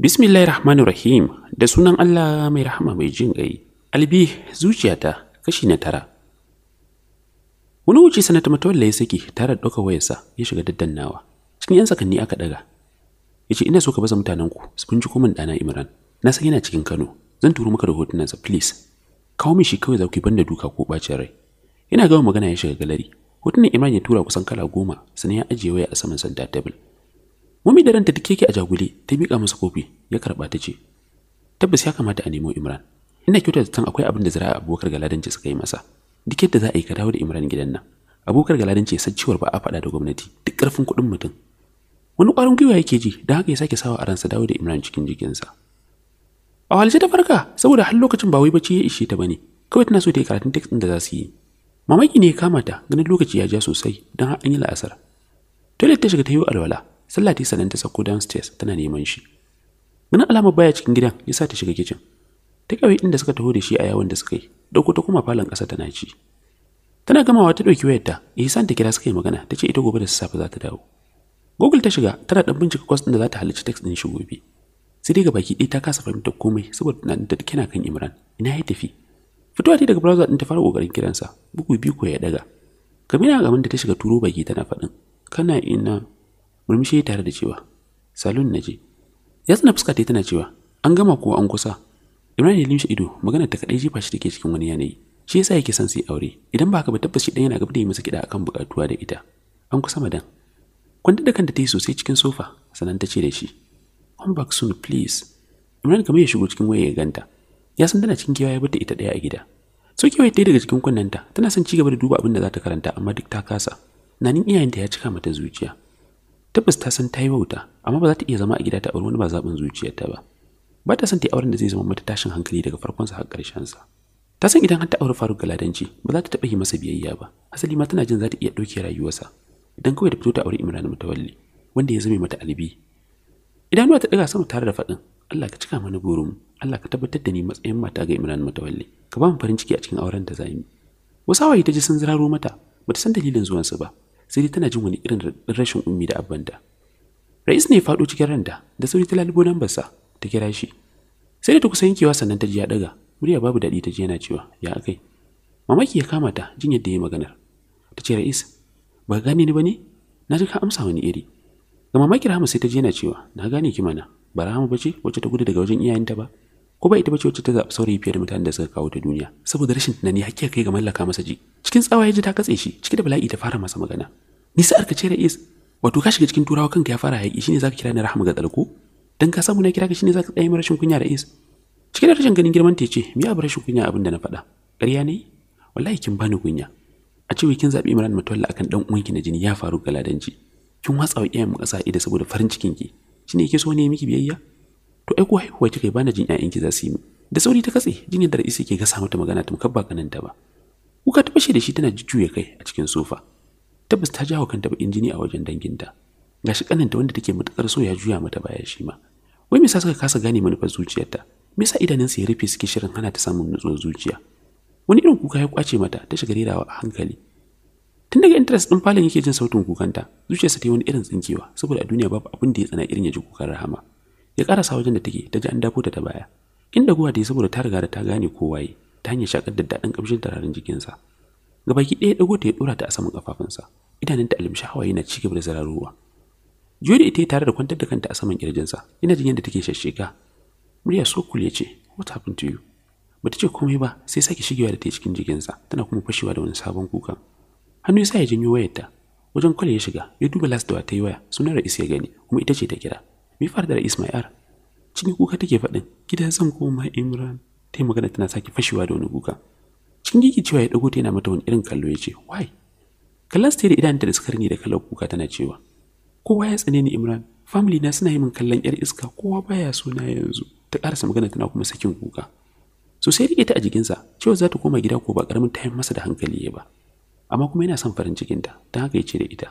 Bismillahir Rahmanir Rahim da sunan Allah mai rahama mai jin ƙai. Albi zuciyata kashi na tara. Wani wuce sanata matawalla ya saki tare da ɗaukar wayarsa ya shiga daddannawa. Cikin 'yan sakanni aka ɗaga. Ya ce ina so ka baza mutanen ku su binciko min ɗana Imran. Na san yana cikin Kano. Zan turo maka da hotunansa please. Kawo mi shi kawai za ku yi banda duka ko ɓacin rai. yana gama magana ya shiga galari hotunan imran ya tura kusan kala goma sannan ya ajiye waya a saman santa table mummy da ranta take a jagule ta miƙa masa kofi ya karɓa ta ce tabbas ya kamata a nemo imran ina kyautar da akwai abin da zira'a abubakar galadanci suka yi masa duk yadda za a yi ka dawo da imran gidan nan Abubakar galadanci ya san cewa ba a faɗa da gwamnati duk ƙarfin kuɗin mutum wani ƙwarin gwiwa yake ji don haka ya sake sawa a ransa dawo da imran cikin jikinsa a halce ta farka saboda har lokacin ba wai bacci ya ishe ta bane kawai tana so ta yi karatun tekstin da za su yi mamaki ne ya kama ta ganin lokaci ya ja sosai don har an yi la'asar toilet ta shiga ta yi alwala sallah ta yi sanan ta sako downstairs tana neman shi ganin alamar baya cikin gidan ya sa ta shiga kicin ta kawai inda suka taho da shi a yawon da suka yi dauko ta kuma falon ƙasa tana ci tana gamawa ta ɗauki wayarta ihsan ta kira suka yi magana ta ce ita gobe da sassafe za ta dawo google ta shiga tana ɗan bincika kwas ɗin da za ta halarci text ɗin shi gobe sai dai ga baki ɗaya ta kasa fahimtar komai saboda tunanin ta kina kan imran ina ya tafi fito ta daga browser ɗin ta fara ƙoƙarin sa bugu biyu ko ya daga kamina gaban da ta shiga turo baki tana fadin. kana ina murmushi tare da cewa salon na je ya tsana fuska ta tana cewa an gama ko an kusa imran ya limshi ido magana ta kadai jifa shi take cikin wani yanayi shi yasa yake son sai aure idan ba ka ba tabbas shi yana gaba da yi masa kiɗa akan buƙatuwa da ita an kusa madan kwanta da kanta ta yi sosai cikin sofa sanan ta ce da shi come back soon please imran kamar ya shigo cikin waya ya ganta ya san tana cikin kewaye bata ita ɗaya a gida kewaye ɗaya daga cikin kunnenta tana son cigaba da duba abin da za ta karanta amma duk ta kasa nanin iyayenta ya cika mata zuciya tabbas ta san ta yi wauta amma ba za ta iya zama a gida ta auri wani ba zaɓin zuciyarta ba ba ta son ta yi auren da zai zama mata tashin hankali daga farkonsa har sa ta san idan har ta auri faruk galadanci ba za ta taɓa yi masa biyayya ba asali ma tana jin za ta iya ɗauke rayuwarsa idan kawai da fito ta auri imran mutawalli wanda ya zame mata alibi idanuwa ta ɗaga sama tare da faɗin Allah ka cika mana burin Allah ka tabbatar da ni matsayin mata ga Imran Matawalle ka ba mu farin ciki a cikin auren da zamu wasu hawaye ta ji sun ziraro mata bata san dalilin zuwan zuwansu ba sai dai tana jin wani irin rashin ummi da abbanta Rais ne faɗo cikin randa da sauri ta lalubo lambarsa ta kira shi sai da ta kusa yankewa sannan ta ji ya daga murya babu daɗi ta ji yana cewa ya akai mamaki ya kama ta jin yadda ya maganar ta ce Rais ba gane ni bane na ji ka amsa wani iri ga mamakin rahama sai ta je na cewa na gane ki mana ba rahama bace wacce ta gudu daga wajen iyayenta ba ko ba ita bace wacce ta zaɓi saurayi fiye da mutanen da suka kawo ta duniya saboda rashin tunani hakki kai ga mallaka masa ji cikin tsawa ya ji ta katse shi ciki da bala'i ta fara masa magana ni sai arka ce is, wato ka shiga cikin turawa kanka ya fara haƙi shine zaka kira ni rahama ga tsalko dan ka samu na kira ka shine zaka tsaye rashin kunya is. ciki da rashin ganin girman ta ce me ya rashin kunya abin da na faɗa ƙarya ne wallahi kin bani kunya a cewa kin zaɓi Imran Mutawalla akan dan uwanki na jini ya faru galadanci kin watsa wa iyayen mu ƙasa ido saboda farin cikin ki shine yake so ne miki biyayya to ai ko haihuwa kika yi bana jin ƴaƴan ki za su yi mu da sauri ta katse jinyar da Ra'isa ke gasa mata magana ta mukabba ba ta ba kuka ta fashe da shi tana jujjuya kai a cikin sofa tabbas ta jawo kanta bakin jini a wajen danginta gashi kananta wanda take matukar so ya juya mata baya shi ma wai me sa suka kasa gane manufar zuciyarta me yasa idanunsa ya rufe suke shirin hana ta samun nutsuwar zuciya wani irin kuka ya kwace mata ta shiga rerawa a hankali tun daga interest din falon yake jin sautin kukanta zuciyarsa ta yi wani irin tsinkewa saboda a duniya babu abin da ya tsana irin ya ji kukan rahama ya karasa wajen da take ta ji an dafo ta ta baya inda guwa da ya saboda ta riga da ta gane kowaye ta hanyar shakar da daɗin ƙamshin tararin jikinsa gabaki ɗaya ɗago ta ya ɗora ta a saman ƙafafunsa idanunta alimshi hawaye na cigaba da zarar ruwa ita tare da kwantar da kanta a saman ƙirjinsa ina jin yadda take shashshega murya sokul ya ce what happened to you bata ce komai ba sai sake shigewa da ta cikin jikinsa tana kuma fashewa da wani sabon kukan hannu yasa ya janyo wayarta wajen kwale ya shiga ya duba last da ta yi waya sunan Ra'is ya gani kuma ita ce ta kira me fara da Ra'is mai ar cikin kuka take faɗin gida zan koma Imran ta magana tana sake fashewa da wani kuka cikin gigi cewa ya dago ta yana mata wani irin kallo ya ce why kallon da idanunta da suka ni da kallon kuka tana cewa kowa ya tsane ni Imran family na suna yi min kallon yar iska kowa baya suna yanzu ta karasa magana tana kuma sakin kuka so sai rike ta a jikinsa cewa za ta koma gida ko ba karamin tayin masa da hankali ya ba amma kuma yana son farin cikinta ta haka yace da ita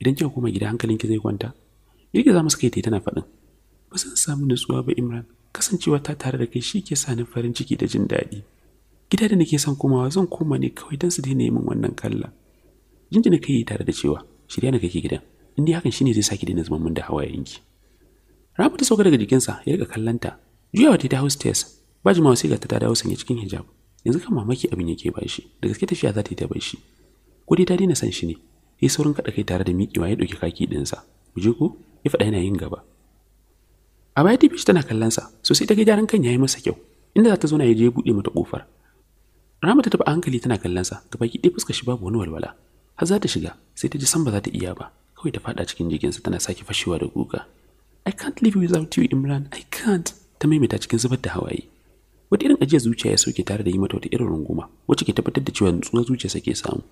idan kika koma gida hankalin ki zai kwanta za mu masa kai tana faɗin ba zan samu nutsuwa ba imran kasancewa ta tare da kai shi ke sa ni farin ciki da jin daɗi gida da nake son komawa zan koma ne kawai dan su daina yin min wannan kalla jinjina kai tare da cewa shirya na kake gidan in hakan shine zai saki daina zaman mun da hawayenki rabu ta sauka daga jikinsa ya rika kallanta juyawa ta hostess ba jimawa sai ga ta dawo sanya cikin hijab yanzu kan mamaki abin yake ba shi da gaske tafiya za ta yi ta bar shi ko dai ta daina san shi ne yi saurin kaɗa kai tare da miƙewa ya ɗauki kaki ɗinsa mu je ko ya faɗa yana yin gaba a baya ta tana kallon sa sosai ta ga gyaran kan ya yi masa kyau inda za ta zo na ya je buɗe mata kofar Rama ta taɓa hankali tana kallon sa gaba ki ɗaya fuska shi babu wani walwala har za ta shiga sai ta ji san ba za ta iya ba kawai ta faɗa cikin jikinsa tana sake fashewa da kuka I can't live without you Imran I can't ta maimaita cikin zubar da hawaye wata irin ajiyar zuciya ya sauke tare da yi mata wata irin runguma wacce ke tabbatar da cewa nutsuwa zuciyarsa ke samu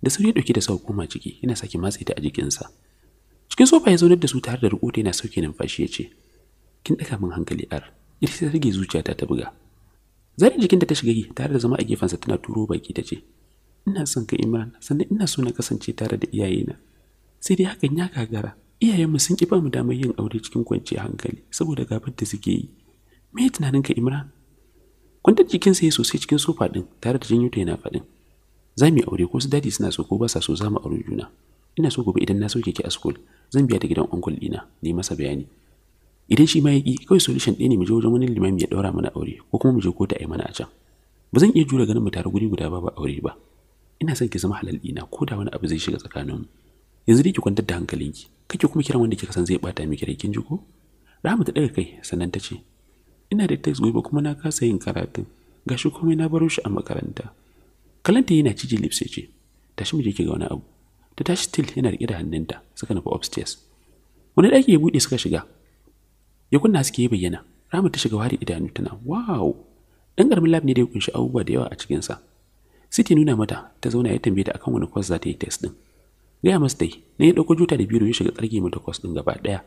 da sauri ya dauke da sauka koma ciki yana sake matsa ta a jikinsa cikin sofa ya zaunar da su tare da rukuta yana sauke numfashi ya ce kin daka min hankali ar ita ta rage zuciyata ta buga zari jikinta ta shiga yi tare da zama a gefensa tana turo baki ta ce ina son ka imran sannan ina so na kasance tare da iyayena sai dai hakan ya gagara iyayenmu sun ki ba mu damar yin aure cikin kwanciyar hankali saboda gabar da suke yi me tunaninka imran kwantar jikinsa ya sosai cikin sofa din tare da janyo ta yana faɗin zamu yi aure ko su dadi suna so ko ba sa so za aure juna ina so gobe idan na sauke ki a school zan biya ta gidan uncle dina ne masa bayani idan shi ma yaki kai kawai solution ɗaya ne mu je wajen wani limami ya ɗaura mana aure ko kuma mu je kota ai mana a can ba zan iya jure ganin mu tare guri guda ba ba aure ba ina son ki zama halal dina ko da wani abu zai shiga tsakaninmu yanzu dai ki kwantar da hankalinki kake kuma kiran wanda kika san zai bata miki rai kin ji ko Rahama ta daga kai sannan ta ce ina da tes gobe kuma na kasa yin karatun gashi komai na baro shi a makaranta kalanta yana ciji lips ce tashi mu je ki ga wani abu ta tashi til yana rike da hannunta suka nufi upstairs wani ɗaki ya buɗe suka shiga ya kunna suke bayyana rama ta shiga wari idanu tana wow ɗan ƙaramin lab ne da ya kunshi abubuwa da yawa a cikinsa siti nuna mata ta zauna ya tambaye ta akan wani kwas za ta yi test ɗin gaya masa dai na ya ɗauko juta da biro ya shiga tsarki mata kwas ɗin gaba ɗaya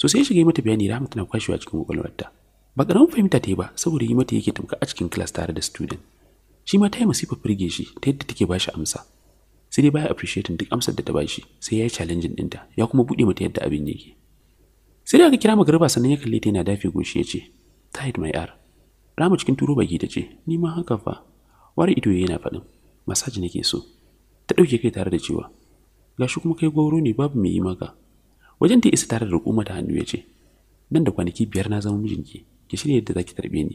so sai ya shiga mata bayani rama tana kwashewa cikin ƙwaƙwalwarta ba ƙaramin fahimta ta yi ba saboda yi mata yake tamka a cikin class tare da student shi ma ta yi masifa firge shi ta yadda take bashi amsa sai dai baya appreciating duk amsar da ta bashi sai ya yi challenging ɗinta ya kuma buɗe mata yadda abin yake sai dai aka kira magarba sannan ya kalle ta yana dafe goshi ya ce tight my r rama cikin turo baki ta ce ni ma haka fa ware ido yana faɗin masaji nake so ta ɗauke kai tare da cewa gashi kuma kai gwauro ne babu mai yi maka wajen ta isa tare da rukuma ta hannu ya ce nan da kwanaki biyar na zama mijinki ki shirya yadda zaki tarbe ni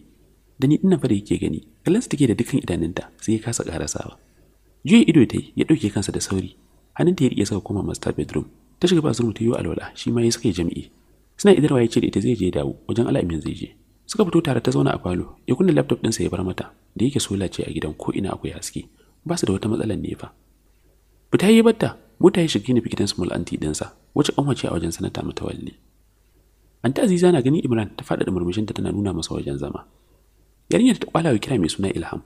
da ni dinnan fa da yake gani kallon take da dukkan idanunta sai ya kasa karasawa juya ido tai ya dauke kansa da sauri hannunta ya rike saka koma master bedroom ta shiga bathroom ta yi alwala shi ma ya saka jami'i suna idarwa ya ce da ita zai je dawo wajen al'amin zai je suka fito tare ta zauna a falo ya kunna laptop sa ya bar mata da yake sola ce a gidan ko ina akwai haske ba su da wata matsalar nefa fita yi batta mota ya shiga nufi gidan small aunty ɗinsa wacce kanwace a wajen sanata matawalle Anta Aziza na ganin Imran ta faɗaɗa murmushinta tana nuna masa wajen zama. Yarinyar ta kwalawa kira mai suna Ilham.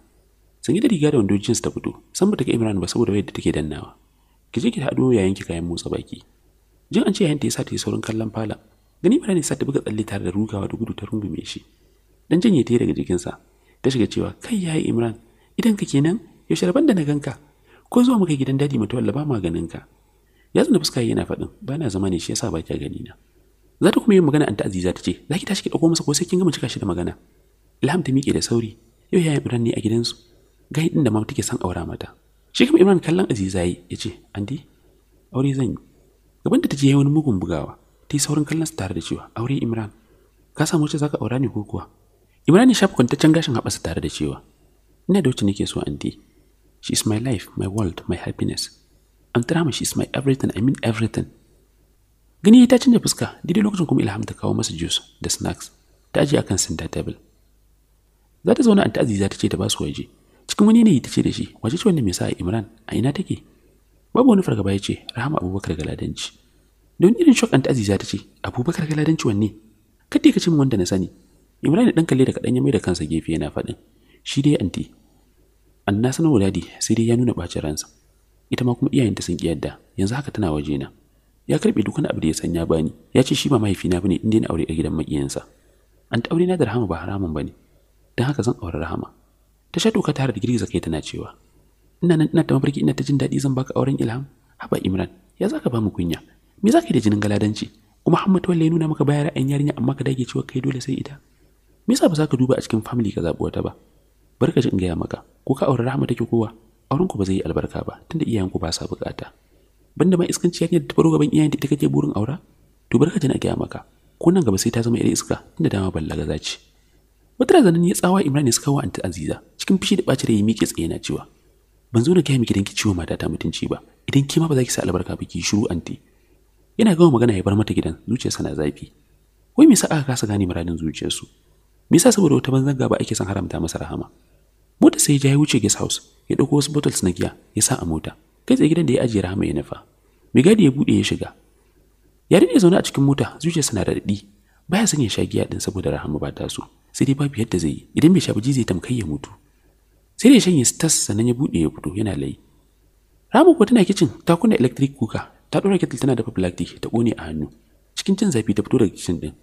Sun yi da riga da wando jins ta fito, san ba ta ga Imran ba saboda wayar da take dannawa. Ki je ki haɗo yayin ki kayan motsa baki. Jin an ce yayin ta yasa ta yi saurin kallon fala. Gani Imran ya sa ta buga tsalle tare da rugawa da gudu ta rungume shi. Dan janye ta daga jikinsa. Ta shiga cewa kai yayi Imran, idan ka nan, yaushe rabon da na ganka. Ko zuwa muka gidan dadi mutuwar ba ma ganin ka. Ya zuna fuska yana faɗin, ba na zama ne shi yasa ba gani na. za ta kuma yi magana an aziza ta ce za ki tashi ki dauko masa ko sai kin gama cika shi da magana ilham ta miƙe da sauri yau yayin imran ne a gidansu gai din da mama take son aura mata shi kuma imran kallon aziza yi ya ce andi aure zan yi gaban da ta je wani mugun bugawa ta yi saurin kallon su tare da cewa aure imran ka samu wacce zaka aura ni ko kuwa imran ya shafa kwantaccen gashin haɓasa tare da cewa ina da wacce nake so andi she is my life my world my happiness an tara she is my everything i mean everything gani ta canja fuska daidai lokacin kuma ilham ta kawo masa juice da snacks ta ajiye akan center table za ta zauna anta aziza ta ce ta ba su waje cikin wani yanayi ta ce da shi waje ce wanda mai sa imran a ina take babu wani fargaba ya ce rahama abubakar galadanci don irin shock anta aziza ta ce abubakar galadanci wanne kadai ka ce min wanda na sani imran dan kalle da kadan ya mai da kansa gefe yana faɗin shi dai anti anna sanu wuladi sai dai ya nuna bacin ransa ita ma kuma iyayenta sun kiyarda yanzu haka tana waje na ya karbe duk wani abu da ya sanya ya bani ya ce shi ba mahaifina bane inda na aure a gidan makiyansa an ta aure na da rahama ba haramun bane dan haka zan aure rahama ta sha doka tare da girgiza kai tana cewa ina nan ina ta mafarki ina ta jin daɗi zan baka auren ilham haba imran ya zaka ba mu kunya me zaka yi da jinin galadanci kuma Muhammad wallahi nuna maka bayar ra'ayin yarinya amma ka dage cewa kai dole sai ita me yasa ba za ka duba a cikin family ka zabi wata ba barka ji in gaya maka ko ka aure rahama take kowa auren ku ba zai yi albarka ba tunda iyayen ku ba sa bukata banda ma iskanci yarinya da ta faro gaban iyayen da ita kake burin aura to barka ta na gaya maka ko nan gaba sai ta zama irin iska inda dama ballaga zaci ci wata razanin ya tsawa imran ya suka wa anta aziza cikin fishi da ɓacin rai ya miƙe tsaye na cewa ban zo na kai miki danki ki ciwo mata ta mutunci ba idan ki ma ba za ki sa albarka ba ki shiru anti yana gama magana ya bar mata gidan zuciyarsa na zafi wai me sa aka kasa gane muradin zuciyarsu me yasa saboda wata banzan gaba ake son haramta masa rahama mota sai ya wuce guest house ya dauko wasu bottles na giya ya sa a mota kai tsaye gidan da ya ajiye rahama ya nufa mai gadi ya buɗe ya shiga ya daɗe zaune a cikin mota zuciyarsa na raɗaɗi baya son ya sha giya din saboda rahama ba ta so sai dai babu yadda zai yi idan bai sha ji zai tamkai ya mutu sai da ya shanye stas sannan ya buɗe ya fito yana layi rahama ko tana kicin ta kunna electric cooker ta ɗora kettle tana dafa plastic ta kone a hannu cikin cin zafi ta fito daga kicin ɗin.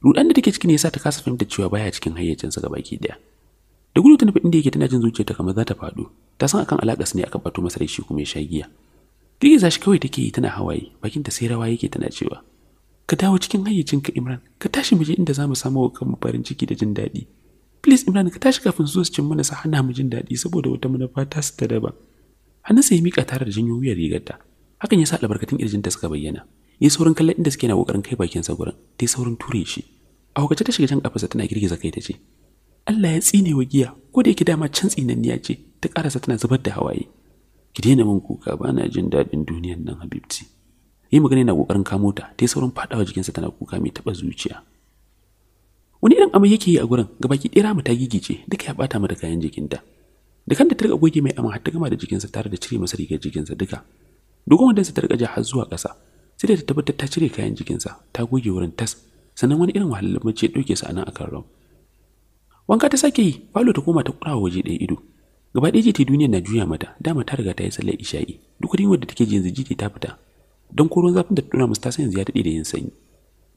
rudan da take ciki ne sa ta kasa fahimta cewa baya cikin hayyacinsa gabaki ɗaya. da gudu ta nufi inda yake tana jin zuciyarta kamar za ta faɗo ta san akan alaƙas ne aka bato masa da shi kuma ya sha giya girgiza shi kawai take yi tana hawaye ta sai rawa yake tana cewa ka dawo cikin hayyacinka imran ka tashi mu je inda za mu samu wa kanmu farin ciki da jin daɗi please imran ka tashi kafin su cin mana sa hana mu jin daɗi saboda wata manufa ta su ta hannun sa ya mika tare da janyo wuyar rigarta hakan ya sa albarkatun ƙirjinta suka bayyana yi saurin kallon inda suke na kokarin kai sa gurin ta saurin ture shi a hukace ta shiga can ƙafarsa tana girgiza kai ta ce Allah ya tsine wa giya ko da yake dama can tsinanniya ce ta karasa tana zubar da hawaye ki daina min kuka ba na jin daɗin duniyan nan habibti yi magana yana kokarin kamo ta ta yi saurin faɗawa jikinsa tana kuka mai taɓa zuciya wani irin amai yake yi a gurin gaba ki ɗera mu ta gigice duka ya ɓata mata kayan jikinta da kanta ta riƙa goge mai amma har ta gama da jikinsa tare da cire masa rigar jikinsa duka dogon wanda ta riƙa ja har zuwa ƙasa sai da ta tabbatar ta cire kayan jikinsa ta goge wurin tas sannan wani irin wahalar mace ya ɗauke sa a nan akan ram wanka ta sake yi falo ta koma ta kurawa waje ɗaya ido gaba ɗaya jita duniyar na juya mata dama ta riga ta yi sallar isha'i duk wani da take jin yanzu jita ta fita don koron zafin da ta tuna musu ta san yanzu ya daɗe da yin sanyi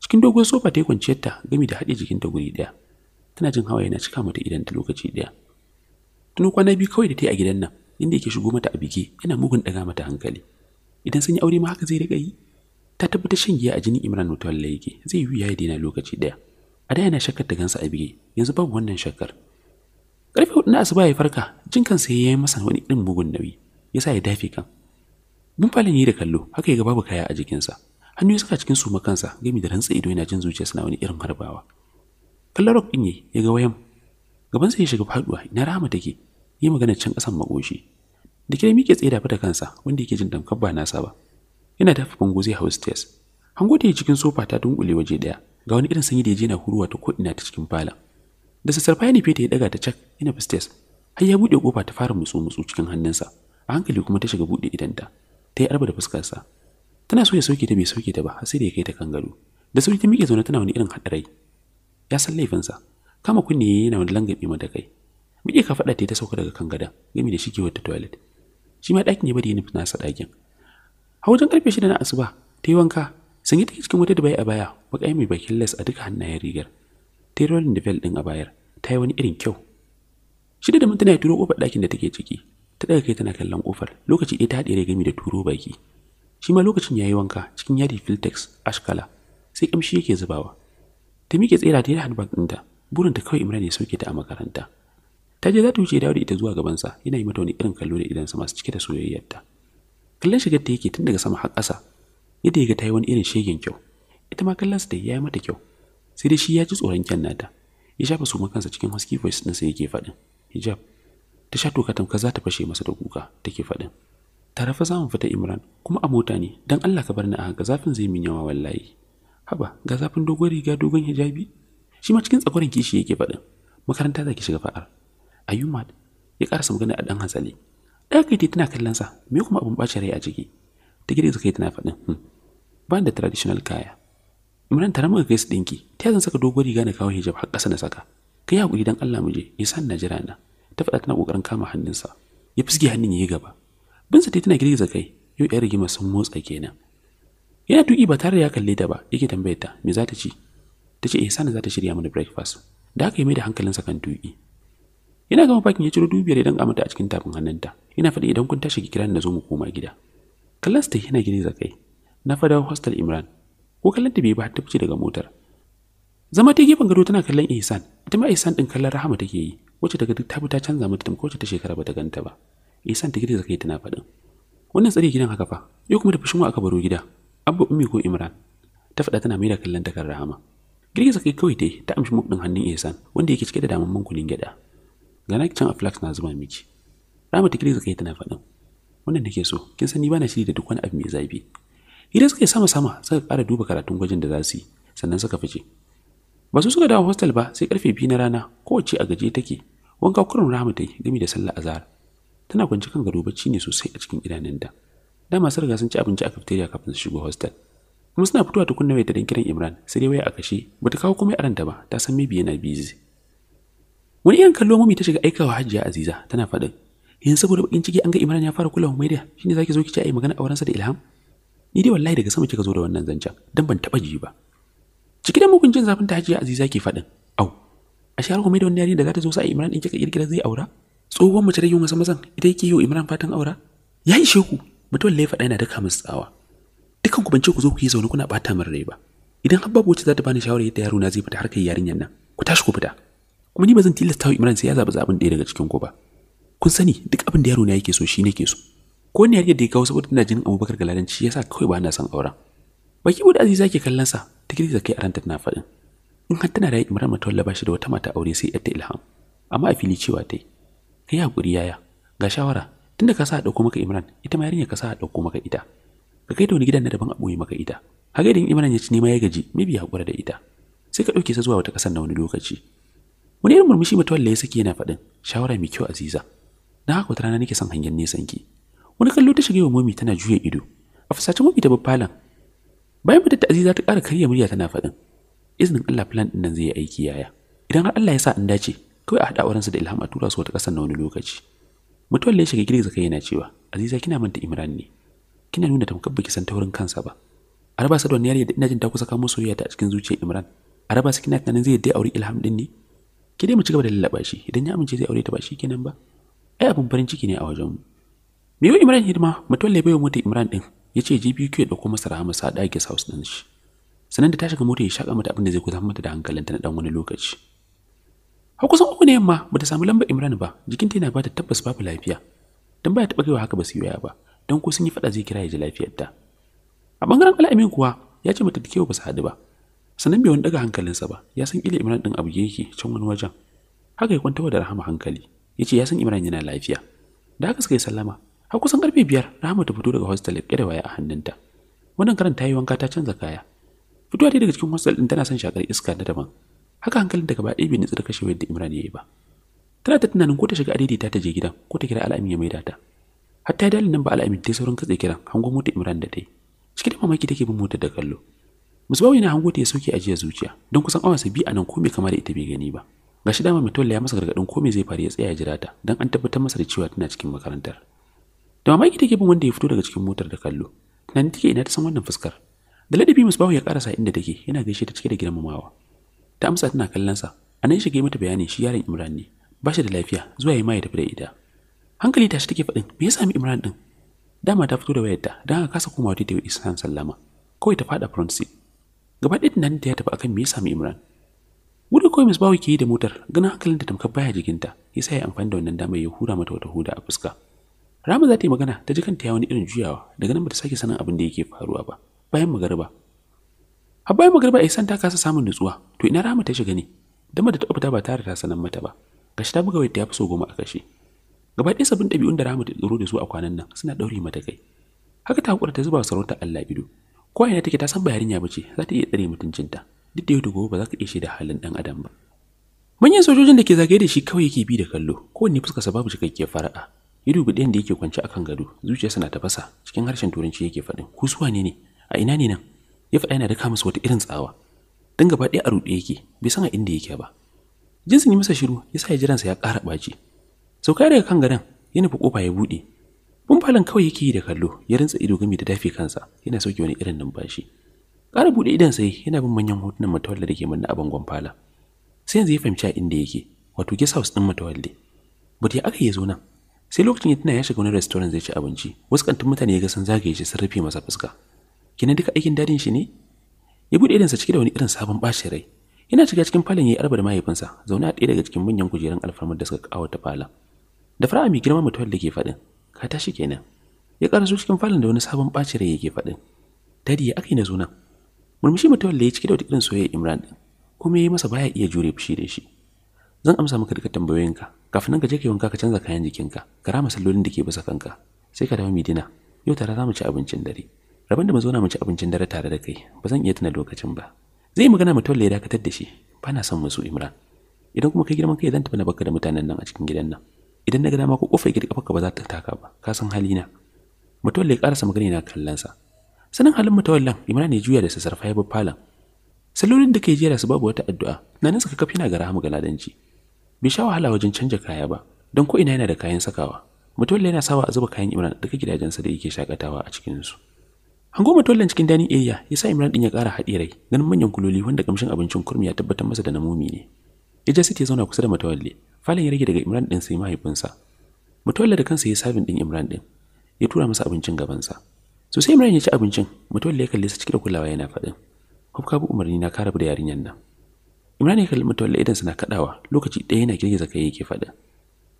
cikin dogon sofa ta yi kwanciyar ta gami da haɗe jikinta guri ɗaya tana jin hawa yana cika mata idan ta lokaci ɗaya tun kwana biyu kawai da ta yi a gidan nan inda yake shigo mata a bige yana mugun ɗaga mata hankali idan sun yi aure ma haka zai riƙa yi ta tabbata shan giya a jinin imran mutuwalla yake zai yi wuya ya daina lokaci ɗaya a da yana shakkar ta gansa a biye yanzu babu wannan shakkar Ƙarfe hudu na asuba ya farka jin kansa ya yi masa wani irin mugun nauyi ya sa ya dafe kan bin ya yi da kallo haka ya ga babu kaya a jikinsa hannu ya saka cikin suma kansa gami da rantsa ido yana jin zuciya na wani irin harbawa kallon rock din ya ya ga wayan gaban sai ya shiga faduwa ina rahama take yi magana can kasan makoshi da kira miƙe tsaye da fita kansa wanda yake jin damkar ba nasa ba yana dafa bango zai hau stairs hango ta cikin sofa ta dunkule waje daya ga wani irin sanyi da ya je na huruwa ta ko ina ta cikin fala da sassarfa ya ne ya daga ta cak ina fistes har ya bude kofa ta fara mutsu mutsu cikin hannunsa a hankali kuma ta shiga bude idan ta yi arba da fuskar sa tana so ya sauke ta bai sauke ta ba har sai da ya kai ta gado da sauki ta miƙe zaune tana wani irin hadarai. ya san laifinsa kama kunne yana wani langabe mata kai miƙe ka faɗa ta ta sauka daga kan gada gami da shigewar ta toilet shi ma ɗakin ne bari ya nufi nasa dakin. a wajen karfe shida na asuba ta yi wanka ta yi cikin wata dubai a baya bakai mai bakin les a duka hannayen rigar ta yi da din a bayar ta yi wani irin kyau shida da mintuna ya turo kofar dakin da take ciki ta daga kai tana kallon kofar lokaci ɗaya ta haɗe gami da turo baki shi ma lokacin ya yi wanka cikin yadi filtex ash kala sai kamshi yake zubawa ta miƙe tsera ta yi handbag ɗinta burinta kawai imran ya sauke ta a makaranta ta je za ta wuce dawo da ita zuwa gaban sa yana yi mata wani irin kallo da idansa masu cike da soyayyarta kallon shigar ta yake tun daga sama har ƙasa yadda ya ga ta wani irin shegen kyau ita ma kallonsa da yayi mata kyau sai dai shi ya ji tsoron kyan nata ya shafa su kansa cikin husky voice din sai yake faɗin hijab ta sha toka tamka za ta fashe masa da kuka take faɗin ta rafa zamu fita imran kuma a mota ne dan allah ka bar ni a haka zafin zai min yawa wallahi haba ga zafin dogon riga dogon hijabi shi ma cikin tsakwaran kishi yake faɗin makaranta za ki shiga fa'ar ayyuma ya karasa magana a ɗan hatsali ɗaya kai tana kallon sa me kuma abin ɓacin rai a jiki ta girgiza kai tana faɗin hmm, ba da traditional kaya imran tare muka kai su ɗinki ta zan saka doguwar riga na kawo hijab har ƙasa na saka yi hakuri don Allah mu je ya na jira na ta faɗa tana ƙoƙarin kama hannunsa ya fisge hannun ya yi gaba binsa yi tana girgiza kai yau ƴar rigima sun motsa kenan yana tuƙi ba tare da ya kalle ta ba yake tambayar ta me za ta ci ta ce ihsana eh, za ta shirya mana breakfast da aka ya mai da hankalinsa kan tuƙi. yana gama bakin ya ciro dubiyar idan amata a cikin tafin hannunta yana faɗi idan kun tashi ki kira zo mu koma gida kallon su yana gini zakai na fada hostel imran ko kallon ta bai ba ta fice daga motar zama ta gefen gado tana kallon ihsan ita ma ihsan din kallon rahama take yi wacce daga duk ta fi ta canza mata kowace ta shekara ba ta ganta ba ihsan ta za zakai tana faɗin wannan tsari gidan haka fa yau kuma da fushin aka baro gida abba ummi ko imran ta faɗa tana mai da kallon ta kan rahama za kai kawai dai ta amshi mukdin hannun ihsan wanda yake cike da damammun kunin gyaɗa gana can a flax na zuba miki rahama ta za kai tana faɗin wannan nake so kin sani bana shiri da duk wani abu mai zafi idan suka sama sama suka ƙara duba karatun gwajin da za su yi sannan suka fice ba su suka dawo hostel ba sai karfe biyu na rana kowace a gaje take wanka kurin rahama ta gami da sallah azhar tana kwanci kan gado bacci ne sosai a cikin idanun da dama sun riga sun ci abinci a cafeteria kafin su shigo hostel kuma suna fitowa ta kunna da don kiran Imran sai dai waya a kashe bata kawo komai a ranta ba ta san maybe yana busy wani irin kallo mami ta shiga aikawa Hajiya Aziza tana faɗin yanzu saboda bakin ciki an ga Imran ya fara kulawa Humaida shine zaki zo kici ai magana aurensa da Ilham ni dai wallahi daga sama kika zo da wannan zancen dan ban taba ji ba ciki da mugun jin zafin ta Hajiya Aziza ke fadin au a shahar Humaida wannan yarinya da za ta zo sa Imran din kika kirkira zai aura tsohuwar mace da yin wasu mazan ita yake yi wa Imran fatan aura ya yi sheku mutum wallahi fada yana daka musu tsawa dukan ku bance ku zo ku yi zaune kuna bata min rai ba idan har babu wacce za ta bani shawara yadda yaro na zai fita harkar yarinyar nan ku tashi ku fita kuma ni ba zan tilasta wa Imran sai ya zaba zabin ɗaya daga cikin ku ba kun sani duk abin da yaro na yake so shi nake so ko ne yarda da ya kawo saboda tana jin Abubakar Galadanci yasa kawai ba na son auren baki bude Aziza ke kallon sa ta kirki kai a ranta tana faɗin in har tana rayu Imran Matawalla ba shi da wata mata aure sai yarta Ilham amma a fili cewa ta tai kai hakuri yaya ga shawara tunda ka sa a dauko maka Imran ita ma yarinya ka sa a dauko maka ita ka kai da wani gidan na daban a maka ita haka idan Imran ya ci nema ya gaji me biya hakura da ita sai ka dauke sa zuwa wata kasar na wani lokaci wani irin murmushi Matawalla ya saki yana faɗin shawara mai kyau Aziza na haka wata rana nake son hangen nesan ki wani kallo ta shiga wa momi tana juya ido a fusace momi ta babbalan bayan fitar ta aziza ta ƙara karya murya tana faɗin izinin Allah plan din nan zai yi aiki yaya idan har Allah ya sa in dace kawai a haɗa aurensa da Ilham a tura su wata ƙasar na wani lokaci mutuwar ya shiga girgiza kai yana cewa Aziza kina manta Imran ne kina nuna tamkar baki san taurin kansa ba Araba don yari da ina jin ta kusa kamo soyayya ta a cikin zuciyar Imran Araba su kina tunanin zai yadda aure Ilham din ne ki dai mu ci gaba da lallaba shi idan ya amince zai aure ta ba shi kenan ba ai abin farin ciki ne a wajen mu. me yau imran hidima mutum laifin baiwa mota imran din ya ce gbq ya ɗauko masa rahama sa ɗaya guest house ɗin shi sannan da ta shiga mota ya shaƙa mata abin da zai kusa mata da hankalinta na ɗan wani lokaci har kusan uku ne yamma bata samu lambar imran ba jikinta yana ba ta tabbas babu lafiya don baya taɓa kaiwa haka ba su waya ba don ko sun yi faɗa zai kira ya ji lafiyarta a bangaren al'amin kuwa ya ce mata da kewa ba su haɗu ba sanan bai wani daga hankalinsa ba ya san ƙila imran ɗin abu yake can wani wajen haka ya kwanta wa da rahama hankali ya ce ya san Imran yana lafiya. Da haka suka yi sallama, har kusan karfe biyar Rahama ta fito daga hostel riƙe da waya a hannunta. Wannan karan ta yi wanka ta canza kaya. Fitowa dai daga cikin hostel ɗin tana son shakar iska na daban. Haka hankalin daga ba ɗaya bai nutsu da kashe da Imran ya yi ba. Tana ta tunanin ko ta shiga adidi ta je gidan ko ta kira Al'amin ya maida ta. Hatta yi dalilin nan ba Al'amin ta saurin katse kiran hango mota Imran da ta yi. Cikin mamaki take bin mota da kallo. Musbawu na hango ta ya sauke ajiyar zuciya don kusan awansa biyu a nan ko mai kamar ita bai gani ba. gashi dama tolle ya masa gargadin ko me zai faru ya tsaya ya jira ta dan an tabbatar masa da cewa tana cikin makarantar da mamaki take bin wanda ya fito daga cikin motar da kallo nan take ina ta san wannan fuskar da ladabi musbahu ya karasa inda take yana gaishe ta cike da mawa. ta amsa tana kallon sa anan shige mata bayani shi yaron Imran ne ba shi da lafiya zuwa yi mai tafi da ita hankali shi take faɗin me ya sami Imran din dama ta fito da wayar ta dan aka kasa komawa ta yi isan sallama kawai ta fada front seat gaba ɗaya tunanin ta ya tafi akan me ya sami Imran Wuda kawai Miss Bawo ke yi da motar, ganin hankalin da tamkar baya jikinta, ya sa ya amfani da wannan damar ya hura mata wata huda a fuska. Rama za ta yi magana, ta ji kanta ya wani irin juyawa, daga nan ba ta sake sanin abin da yake faruwa ba. Bayan magariba. A bayan magariba san ta kasa samun nutsuwa, to ina Rama ta shiga ne? Dan ba ta taɓa fita ba tare da sanan mata ba. Gashi ta buga wadda ya fi so goma a kashe. Gaba ɗaya sabbin ɗabi'un da Rama ta tsoro da su a kwanan nan suna ɗaure mata kai. Haka ta haƙura ta zuba sarauta Allah ido. Ko ina take ta san ba yarinya ce, za ta iya tsare mutuncinta. duk da yau da gobe ba za ka iya shi da halin dan adam ba manyan sojojin da ke zagaye da shi kawai yake bi da kallo kowanne sa babu cikakke fara'a ya dubi ɗayan da yake kwance a kan gado sana na tafasa cikin harshen turanci yake faɗin ku suwa ne ne a ina ne nan ya faɗa yana da kamusu wata irin tsawa dan gaba ɗaya a ruɗe yake bai san a inda yake ba jinsin yi masa shiru ya sa ya jiransa ya ƙara ɓaci sau kai daga kan gadon ya nufi ƙofa ya buɗe bumfalan kawai yake yi da kallo ya rintsa ido gami da dafi kansa yana sauke wani irin numfashi ƙara buɗe idan sai yana bin manyan hotunan matawalle da ke manna a bangon fala sai yanzu ya fahimci a inda yake wato guest house ɗin matawalle but ya aka yi zo nan sai lokacin ya tuna ya shiga wani restaurant zai ci abinci wasu kantin mutane ya ga sun zagaye shi sun rufe masa fuska kina duka aikin dadin shi ne ya buɗe sa cike da wani irin sabon bashi rai yana shiga cikin falon ya yi arba da mahaifinsa zaune a ɗaya daga cikin manyan kujerun alfarmar da suka kawata fala da fara mai girma matawalle ke faɗin ka tashi kenan ya ƙara cikin falon da wani sabon ɓacin rai yake faɗin dadi ya aka yi na zo nan murmushi mutawalla ya cike da wata irin soyayya imran din kuma ya yi masa baya iya jure fushi da shi zan amsa maka duka tambayoyinka kafin nan ka je ka wanka ka canza kayan jikinka ka rama sallolin da ke bisa kanka sai ka dawo midina yau tare za mu ci abincin dare rabin da mu zauna mu ci abincin dare tare da kai ba zan iya tuna lokacin ba zai magana mutawalla ya dakatar da shi ba na son musu imran idan kuma kai girman kai zan tafi na baka da mutanen nan a cikin gidan nan idan na ga dama ko kofar gidan kafarka ba za ta taka ba ka san halina mutawalla ya karasa magana yana kallon sa sanin halin mutawallan imran ne juya da sassarfa ya falon sallolin da ke jiya da su babu wata addu'a na nan suka kafi na gara mu galadanci bai sha wahala wajen canja kaya ba don ko ina yana da kayan sakawa mutawalla yana sawa a zuba kayan imran duka gidajensa da yake shakatawa a cikin su hango mutawallan cikin dani area yasa imran din ya kara haɗi rai ganin manyan kuloli wanda kamshin abincin kurmi ya tabbatar masa da namomi ne ya sai ya zauna kusa da mutawalle falon ya rage daga imran din sai mahaifinsa mutawalla da kansa ya sabin din imran din ya tura masa abincin gabansa sosai Imran ya ci abincin mutum da ya kalle su cike da kulawa yana faɗin hafka bu umarni na kara da yarinyar nan Imran ya kalli mutum da idan na kaɗawa lokaci ɗaya yana girgiza kai yake faɗin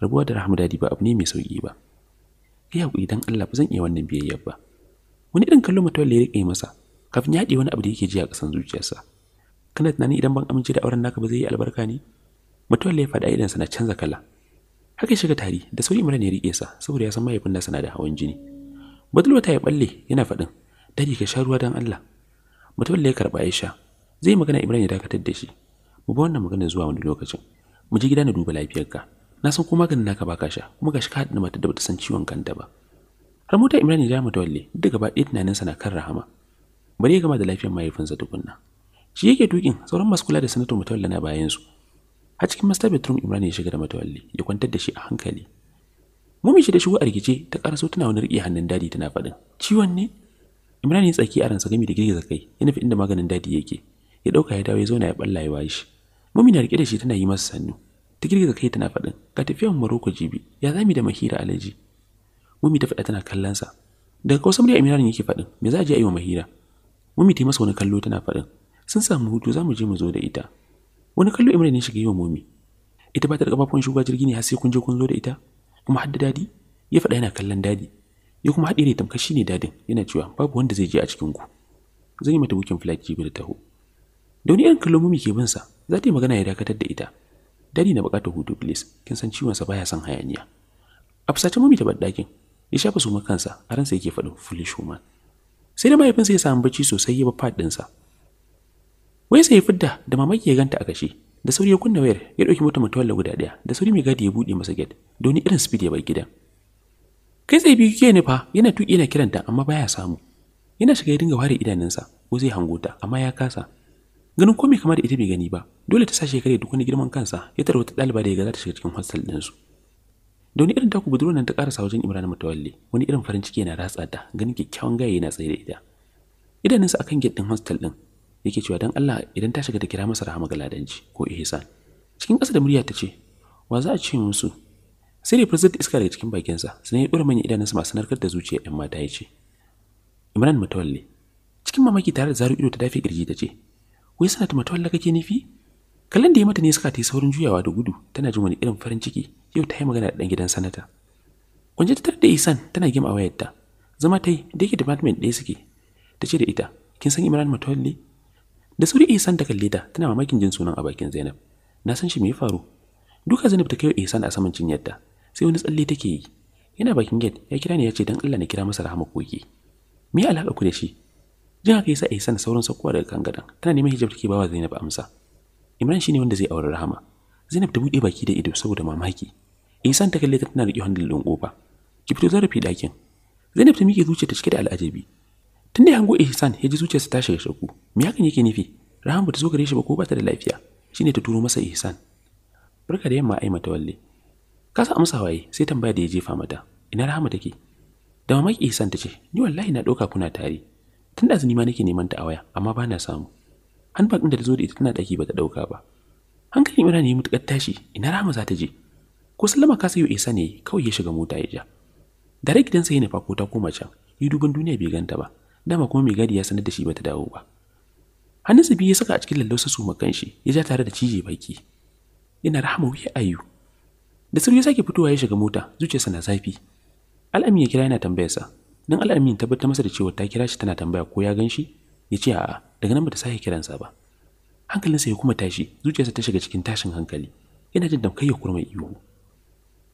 rabuwa da Rahama dadi ba abu ne mai sauki ba kai hakuri dan Allah ba zan iya wannan biyayyar ba wani irin kallon mutum da ya rike masa kafin ya haɗe wani abu da yake ji a ƙasan zuciyarsa kana tunanin idan ban amince da auren naka ba zai yi albarka ne mutum ya faɗa idan na canza kala haka shiga tari da sauri imran ya rike sa saboda ya san mahaifin nasa na da hawan jini Badulwa ta yi balle yana faɗin, "Dadi ka sha ruwa don Allah." Mutumin ya karɓa ya sha. Zai magana Imran ya dakatar da shi. Mu ba wannan magana zuwa wani lokacin. Mu je gida na duba ka. Na san ko maganin naka baka sha, kuma gashi ka haɗu da mata da bata san ciwon kanta ba. Har mota Imran ya ja mu walle, duk gaba ɗaya tunaninsa na kan Rahama. Bari ya gama da lafiyar mahaifinsa tukunna. Shi yake tukin, sauran masu kula da sanatar mutawalla na bayansu. A cikin master bedroom Imran ya shiga da ya kwantar da shi a hankali. Mummy shi da shigo a rikice ta karaso tana wani riƙe hannun dadi tana faɗin. Ciwon ne? Imran ya tsaki a ransa gami da girgiza kai, ya nufi inda maganin dadi yake. Ya dauka ya dawo ya zauna ya balla ya wayi shi. Mummy na riƙe da shi tana yi masa sannu. Ta girgiza kai tana faɗin, ka mu Maroko jibi, ya zami da Mahira alaji. Mumi ta faɗa tana kallonsa. Daga kawasan da Imran yake faɗin, me za a je a yi wa Mahira? Mumi ta yi masa wani kallo tana faɗin, sun samu hutu zamu je mu zo da ita. Wani kallo Imran ya shiga yi wa Mummy. Ita ba ta da kafafun shugaba jirgi ne har sai kun je kun zo da ita? kuma hadda dadi ya faɗa yana kallon dadi ya kuma haɗe ne tamkar ne dadin yana cewa babu wanda zai je a cikin ku zan yi mata bukin flight jibi da taho da wani irin kallo mumi ke bin za ta yi magana ya dakatar da ita dadi na bukatar hutu please kin san ciwon sa baya son hayaniya a fusace mumi ta baddakin ya shafa su kansa a ransa yake faɗin foolish woman sai da mahaifinsa ya samu bacci sosai ya ba fadinsa. wai sai ya fidda da mamaki ya ganta a kashe da sauri ya kunna wayar ya dauki motar tawalla guda daya da sauri mai gadi ya bude masa gate don irin speed ya bai gidan kai tsaye biyu ke ne fa yana tuki yana kiranta amma baya samu yana shiga ya dinga ware idanunsa ko zai hango ta amma ya kasa ganin komai kamar da ita bai gani ba dole ta sashi kare duk wani girman kansa ya ta dalba da ya ga za ta shiga cikin hostel ɗinsu da wani irin taku budurwar nan ta karasa wajen Imran Mutawalli wani irin farin ciki yana ratsa ta ganin kyakkyawan gaya yana tsaye da ita idanunsa akan gate din hostel din yake cewa dan Allah idan ta shiga ta kira masa rahama Ladanci ko ihsan cikin ƙasa da murya ta ce wa za a ce musu sai da firzar iska daga cikin bakinsa sai ya ɗora manyan idanunsa masu narkar da zuciya 'yan mata ya ce imran mutawalli cikin mamaki tare da zaru ido ta dafi kirji ta ce wai sanata mutawalla kake nufi kallon da ya mata ne suka ta yi saurin juyawa da gudu tana jin wani irin farin ciki yau ta yi magana da ɗan gidan sanata kunje ta da isan tana gima a wayarta zama ta yi da yake department ɗaya suke ta ce da ita kin san imran mutawalli da sauri ihsan ta kalle ta tana mamakin jin sunan a bakin zainab na san shi me ya faru duka zainab ta kai ihsan a saman cinyarta sai wani tsalle take yi yana bakin gate ya kira ni ya ce dan Allah na kira masa rahama koki me alaka ku da shi jin haka yasa ihsan sauran sakkuwa daga kangadan tana neman hijab take bawa zainab amsa imran shine wanda zai aure rahama zainab ta bude baki da ido saboda mamaki ihsan ta kalle ta tana riƙe handle ɗin ƙofa ki fito zarafi dakin zainab ta miƙe zuciya ta cike da al'ajabi tunda yango hango ihsan ya ji zuciyarsa ta shiga shaku me hakan yake nufi rahan ba ta zo gare shi ba ko ba ta da lafiya shine ta turo masa ihsan barka da yamma ai mata walle kasa amsa waye sai tambaya da ya jefa mata ina rahama take da mamaki ihsan ta ce ni wallahi na doka kuna tare tun da ma nake neman ta a waya amma bana na samu handbag ɗin da ta zo da ita tana daki ba ta ɗauka ba hankali imran ya mutukar tashi ina rahama za ta je ko sallama ka sayo isa ne kawai ya shiga mota ya ja dare gidansa ya nufa ko ta koma can yi duban duniya bai ganta ba dama kuma mai gadi ya sanar da shi bata dawo ba hannunsa biyu ya saka a cikin lallausa su makan shi ya ja tare da cije baki yana rahama wuya ayu da sauri ya sake fitowa ya shiga mota zuciyarsa na zafi al'amin ya kira yana tambayarsa dan al'amin tabbatar masa da cewa ta kira shi tana tambaya ko ya gan ya ce a'a daga nan bata sake kiransa ba hankalinsa ya kuma tashi zuciyarsa ta shiga cikin tashin hankali yana jin damkai ya kurma ihu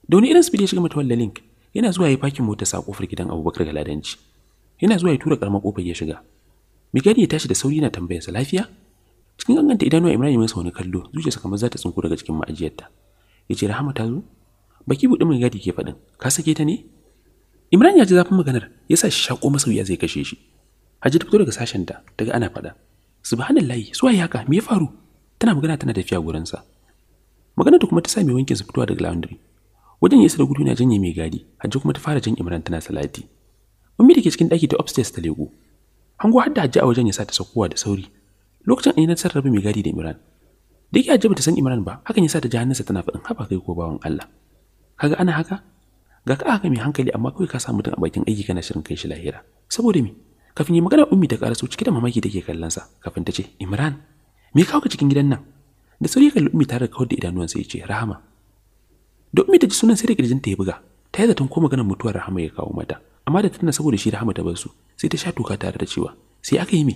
da wani irin speed ya shiga mata link yana zuwa ya fakin motar sa kofar gidan Abubakar Galadanci yana zuwa ya tura karamar kofar ya shiga Mikadi ya tashi da sauri yana tambayarsa lafiya cikin ganganta idanuwa Imran ya masa wani kallo zuciyarsa kamar za ta tsinko daga cikin ma'ajiyarta yace Rahama ta zo baki buɗe mai gadi ke faɗin ka sake ta ne Imran ya ji zafin maganar ya sa shi shako masa wuya zai kashe shi Hajji ta fito daga sashen ta daga ana faɗa subhanallahi suwa ya haka me ya faru tana magana tana tafiya sa maganar ta kuma ta sa mai wankin su fitowa daga laundry wajen isa da gudu yana janye mai gadi Hajji kuma ta fara jan Imran tana salati Mummy da ke cikin ɗaki ta upstairs ta lego. Hango har da Hajji a wajen ya sa ta saukowa da sauri. Lokacin an yi nasarar rabe mai gadi da Imran. Da yake Hajji ta san Imran ba, hakan ya sa ta ji hannunsa tana faɗin haba kai ko bawan Allah. Kaga ana haka? Ga ka haka mai hankali amma kawai ka sa mutum a bakin aiki kana shirin kai shi lahira. Saboda me? Kafin yi magana Ummi ta karaso cike da mamaki take kallon sa, kafin ta ce, "Imran, me kawo ka cikin gidan nan?" Da sauri ya kalli Ummi tare da kawar da idanuwansa ya ce, "Rahama." Da Ummi ta ji sunan sai da kirjinta ya buga, ta yi zaton ko maganar mutuwar Rahama ya kawo mata. amma da tana saboda shi rahama ta bar su sai ta sha toka tare da cewa sai aka yi me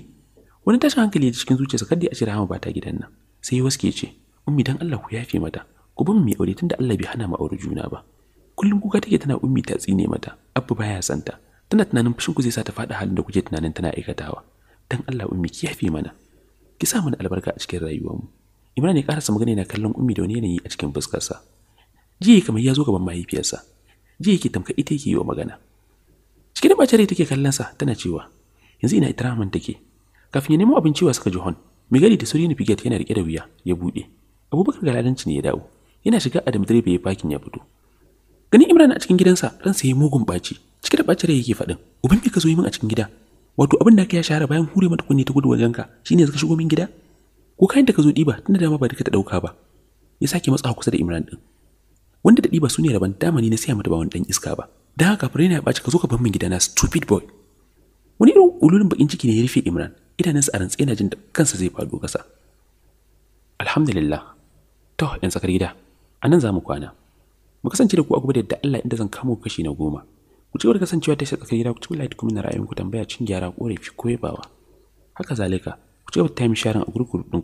wani tashin hankali ya cikin zuciyarsa kada ya ce rahama ba ta gidan nan sai ya waske ce ummi dan Allah ku yafe mata ku bar mai aure tunda Allah bai hana mu aure juna ba kullum kuka take tana ummi ta tsine mata abba baya santa tana tunanin fushin ku zai sa ta faɗa halin da kuke tunanin tana aikatawa dan Allah ummi ki yafe mana ki sa mana albarka a cikin rayuwarmu Imran ya karasa magana yana kallon ummi da wani yanayi a cikin fuskarsa jiya kamar ya zo gaban mahaifiyarsa jiya ke tamka ita yake yi wa magana mace rai take sa tana cewa yanzu ina ita rahaman take kafin ya nemo abin ciwa suka ji hon mai gadi da sauri figet yana rike da wuya ya buɗe abubakar galadanci ne ya dawo yana shiga adam direba ya fakin ya fito gani imran a cikin gidansa ran ya mugun ɓaci cike da ɓacin rai yake faɗin uban me ka zo yi min a cikin gida wato abin da ka ya share bayan hure mata kunni ta gudu wajen ka shine zaka shigo min gida ko kayan da ka zo diba tunda dama ba duka ta ɗauka ba ya sake matsawa kusa da imran ɗin wanda da diba su ne dama ne na siya mata ba wani dan iska ba da haka fure ya ɓaci ka zo ka bar min gidana stupid boy wani irin ululin bakin ciki ne ya rufe imran idanunsa a rantsi yana jin kansa zai fado kasa alhamdulillah to yan sakar gida anan zamu kwana mu kasance da ku a gaba da Allah inda zan kamo kashi na goma ku ci gaba da kasancewa ta tsakar gida ku ci like kuma na ra'ayinku tambaya cin gyara korafi ko yabawa haka zalika ku ci gaba time sharing a gurgurdin